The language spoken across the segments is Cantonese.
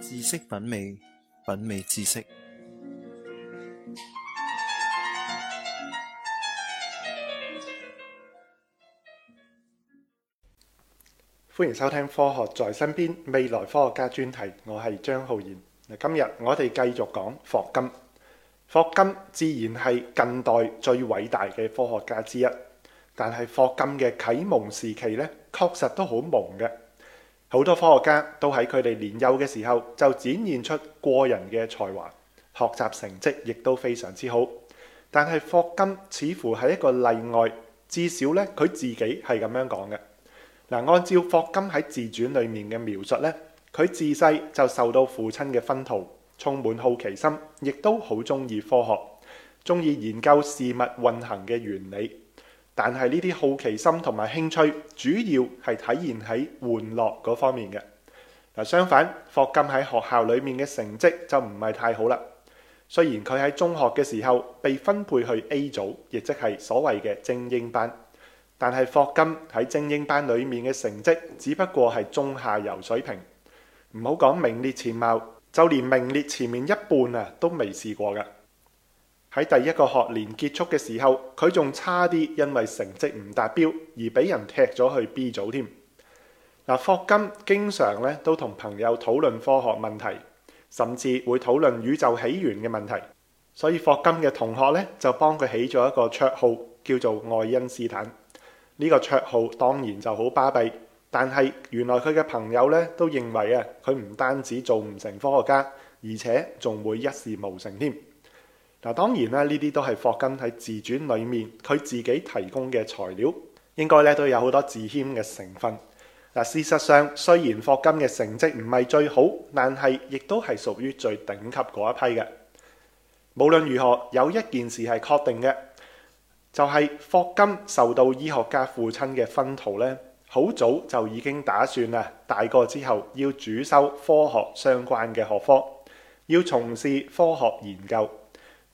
知識品味，品味知識。歡迎收聽《科學在身邊》未來科學家專題，我係張浩然。今日我哋繼續講霍金。霍金自然係近代最偉大嘅科學家之一，但係霍金嘅啟蒙時期呢，確實都好懵嘅。好多科學家都喺佢哋年幼嘅時候就展現出過人嘅才華，學習成績亦都非常之好。但係霍金似乎係一個例外，至少咧佢自己係咁樣講嘅。嗱，按照霍金喺自傳裡面嘅描述咧，佢自細就受到父親嘅薰陶，充滿好奇心，亦都好鍾意科學，鍾意研究事物運行嘅原理。但係呢啲好奇心同埋興趣，主要係體現喺玩樂嗰方面嘅。嗱，相反，霍金喺學校裏面嘅成績就唔係太好啦。雖然佢喺中學嘅時候被分配去 A 組，亦即係所謂嘅精英班，但係霍金喺精英班裏面嘅成績只不過係中下游水平，唔好講名列前茅，就連名列前面一半啊都未試過㗎。喺第一個學年結束嘅時候，佢仲差啲因為成績唔達標而俾人踢咗去 B 組添。嗱，霍金經常咧都同朋友討論科學問題，甚至會討論宇宙起源嘅問題。所以霍金嘅同學咧就幫佢起咗一個綽號，叫做愛因斯坦。呢個綽號當然就好巴閉，但係原來佢嘅朋友咧都認為啊，佢唔單止做唔成科學家，而且仲會一事無成添。嗱，當然啦，呢啲都係霍金喺自傳裏面佢自己提供嘅材料，應該咧都有好多自謙嘅成分。嗱，事實上雖然霍金嘅成績唔係最好，但係亦都係屬於最頂級嗰一批嘅。無論如何，有一件事係確定嘅，就係、是、霍金受到醫學家父親嘅熏陶咧，好早就已經打算啦，大個之後要主修科學相關嘅學科，要從事科學研究。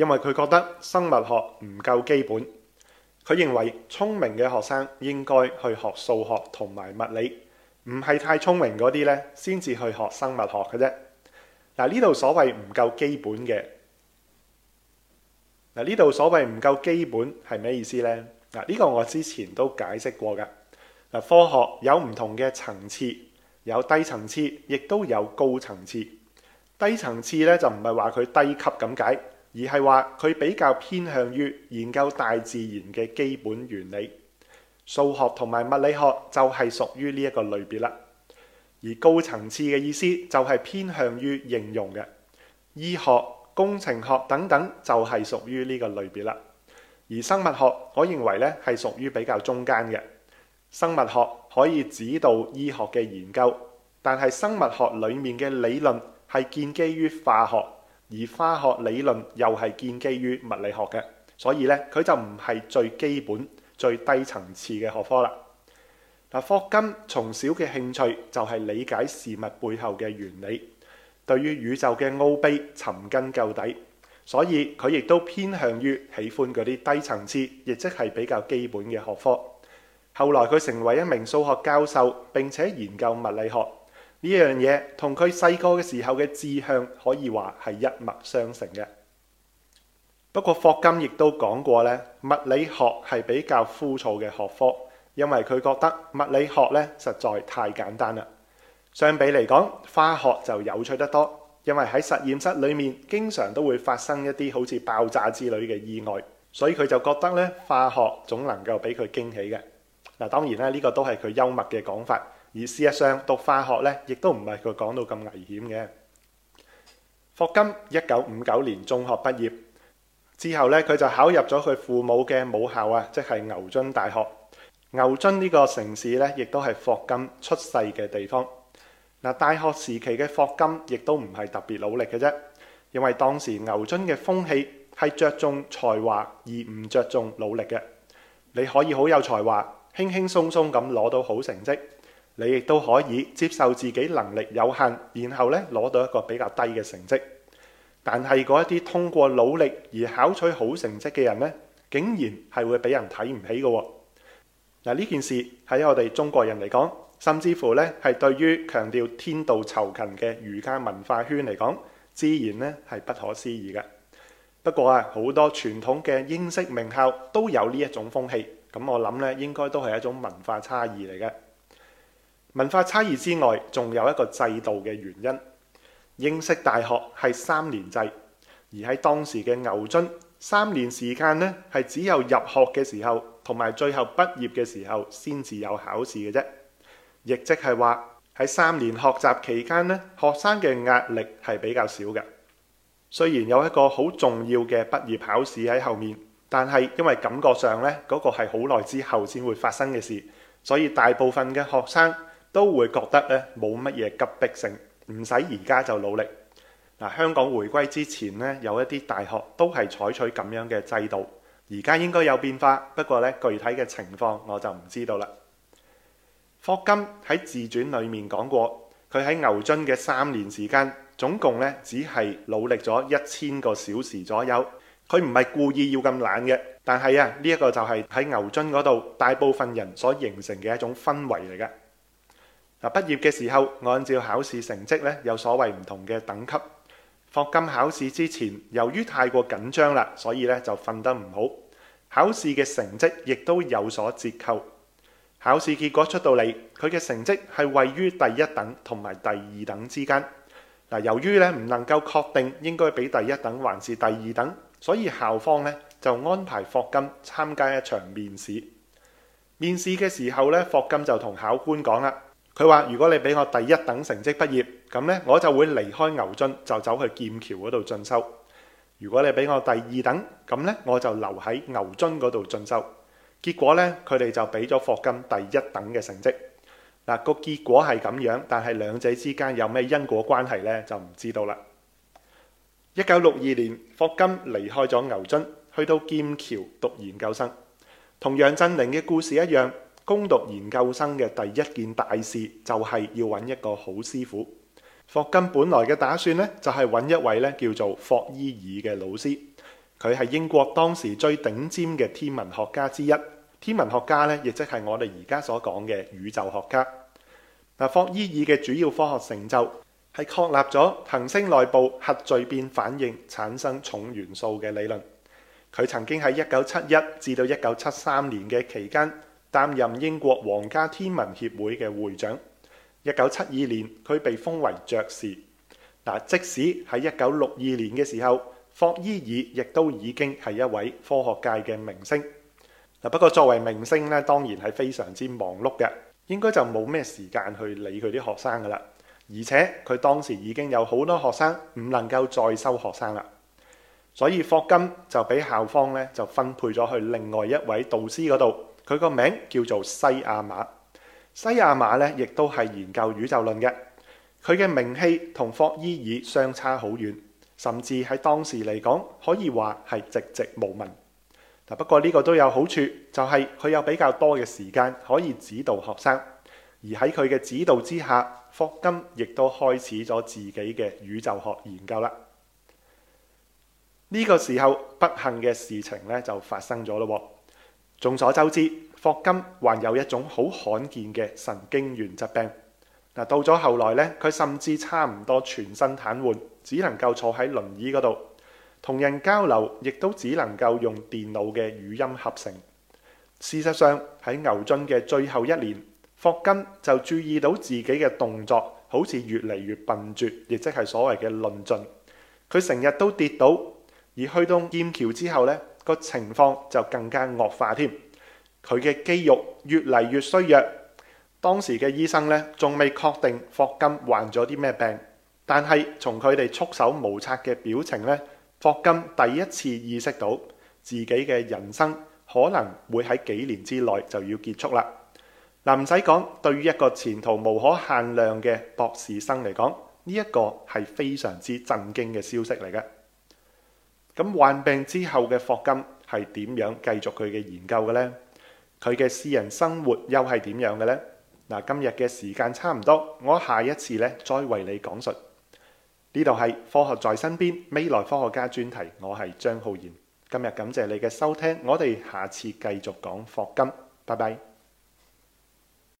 因為佢覺得生物學唔夠基本，佢認為聰明嘅學生應該去學數學同埋物理，唔係太聰明嗰啲呢先至去學生物學嘅啫。嗱，呢度所謂唔夠基本嘅，嗱，呢度所謂唔夠基本係咩意思呢？嗱、這、呢個我之前都解釋過噶。科學有唔同嘅層次，有低層次，亦都有高層次。低層次呢，就唔係話佢低級咁解。而係話佢比較偏向於研究大自然嘅基本原理，數學同埋物理學就係屬於呢一個類別啦。而高層次嘅意思就係偏向於應用嘅，醫學、工程學等等就係屬於呢個類別啦。而生物學，我認為呢係屬於比較中間嘅，生物學可以指導醫學嘅研究，但係生物學裡面嘅理論係建基於化學。而化學理論又係建基於物理學嘅，所以咧佢就唔係最基本、最低層次嘅學科啦。嗱，霍金從小嘅興趣就係理解事物背後嘅原理，對於宇宙嘅奧秘尋根究底，所以佢亦都偏向於喜歡嗰啲低層次，亦即係比較基本嘅學科。後來佢成為一名數學教授，並且研究物理學。呢樣嘢同佢細個嘅時候嘅志向可以話係一脈相承嘅。不過霍金亦都講過咧，物理學係比較枯燥嘅學科，因為佢覺得物理學咧實在太簡單啦。相比嚟講，化學就有趣得多，因為喺實驗室裡面經常都會發生一啲好似爆炸之類嘅意外，所以佢就覺得咧化學總能夠俾佢驚喜嘅。嗱，當然啦，呢個都係佢幽默嘅講法。而事實上，讀化學咧，亦都唔係佢講到咁危險嘅。霍金一九五九年中學畢業之後咧，佢就考入咗佢父母嘅母校啊，即係牛津大學。牛津呢個城市咧，亦都係霍金出世嘅地方。嗱，大學時期嘅霍金亦都唔係特別努力嘅啫，因為當時牛津嘅風氣係着重才華而唔着重努力嘅。你可以好有才華，輕輕鬆鬆咁攞到好成績。你亦都可以接受自己能力有限，然後咧攞到一個比較低嘅成績。但係嗰一啲通過努力而考取好成績嘅人咧，竟然係會俾人睇唔起㗎喎。嗱，呢件事喺我哋中國人嚟講，甚至乎咧係對於強調天道酬勤嘅儒家文化圈嚟講，自然咧係不可思議嘅。不過啊，好多傳統嘅英式名校都有呢一種風氣，咁我諗咧應該都係一種文化差異嚟嘅。文化差異之外，仲有一個制度嘅原因。英式大學係三年制，而喺當時嘅牛津，三年時間呢係只有入學嘅時候同埋最後畢業嘅時候先至有考試嘅啫。亦即係話喺三年學習期間呢，學生嘅壓力係比較少嘅。雖然有一個好重要嘅畢業考試喺後面，但係因為感覺上呢，嗰個係好耐之後先會發生嘅事，所以大部分嘅學生都會覺得咧冇乜嘢急迫性，唔使而家就努力嗱。香港回歸之前咧，有一啲大學都係採取咁樣嘅制度。而家應該有變化，不過咧具體嘅情況我就唔知道啦。霍金喺自傳裡面講過，佢喺牛津嘅三年時間總共咧只係努力咗一千個小時左右。佢唔係故意要咁懶嘅，但係啊呢一個就係喺牛津嗰度大部分人所形成嘅一種氛圍嚟嘅。嗱，畢業嘅時候，按照考試成績咧有所謂唔同嘅等級。霍金考試之前，由於太過緊張啦，所以咧就瞓得唔好，考試嘅成績亦都有所折扣。考試結果出到嚟，佢嘅成績係位於第一等同埋第二等之間。嗱，由於咧唔能夠確定應該畀第一等還是第二等，所以校方咧就安排霍金參加一場面試。面試嘅時候咧，霍金就同考官講啦。佢話：如果你俾我第一等成績畢業，咁咧我就會離開牛津，就走去劍橋嗰度進修。如果你俾我第二等，咁咧我就留喺牛津嗰度進修。結果咧，佢哋就俾咗霍金第一等嘅成績。嗱，個結果係咁樣，但係兩者之間有咩因果關係咧，就唔知道啦。一九六二年，霍金離開咗牛津，去到劍橋讀研究生，同楊振寧嘅故事一樣。攻讀研究生嘅第一件大事就係要揾一個好師傅。霍金本來嘅打算呢，就係揾一位呢叫做霍伊爾嘅老師。佢係英國當時最頂尖嘅天文學家之一，天文學家呢，亦即係我哋而家所講嘅宇宙學家。嗱，霍伊爾嘅主要科學成就係確立咗恒星內部核聚變反應產生重元素嘅理論。佢曾經喺一九七一至到一九七三年嘅期間。擔任英國皇家天文協會嘅會長。一九七二年，佢被封為爵士。嗱，即使喺一九六二年嘅時候，霍伊爾亦都已經係一位科學界嘅明星。不過作為明星呢，當然係非常之忙碌嘅，應該就冇咩時間去理佢啲學生噶啦。而且佢當時已經有好多學生，唔能夠再收學生啦，所以霍金就俾校方呢就分配咗去另外一位導師嗰度。佢個名叫做西亞馬，西亞馬咧亦都係研究宇宙論嘅。佢嘅名氣同霍伊爾相差好遠，甚至喺當時嚟講可以話係寂寂無聞。不過呢個都有好處，就係佢有比較多嘅時間可以指導學生，而喺佢嘅指導之下，霍金亦都開始咗自己嘅宇宙學研究啦。呢個時候不幸嘅事情咧就發生咗咯。眾所周知，霍金患有一種好罕見嘅神經元疾病。嗱，到咗後來呢，佢甚至差唔多全身癱瘓，只能夠坐喺輪椅嗰度，同人交流亦都只能夠用電腦嘅語音合成。事實上喺牛津嘅最後一年，霍金就注意到自己嘅動作好似越嚟越笨拙，亦即係所謂嘅論盡。佢成日都跌倒，而去到劍橋之後呢。個情況就更加惡化添，佢嘅肌肉越嚟越衰弱。當時嘅醫生呢，仲未確定霍金患咗啲咩病，但係從佢哋束手無策嘅表情呢，霍金第一次意識到自己嘅人生可能會喺幾年之內就要結束啦。嗱，唔使講，對於一個前途無可限量嘅博士生嚟講，呢一個係非常之震驚嘅消息嚟嘅。咁患病之後嘅霍金係點樣繼續佢嘅研究嘅呢？佢嘅私人生活又係點樣嘅呢？嗱，今日嘅時間差唔多，我下一次呢再為你講述。呢度係科學在身邊未來科學家專題。我係張浩然，今日感謝你嘅收聽，我哋下次繼續講霍金，拜拜。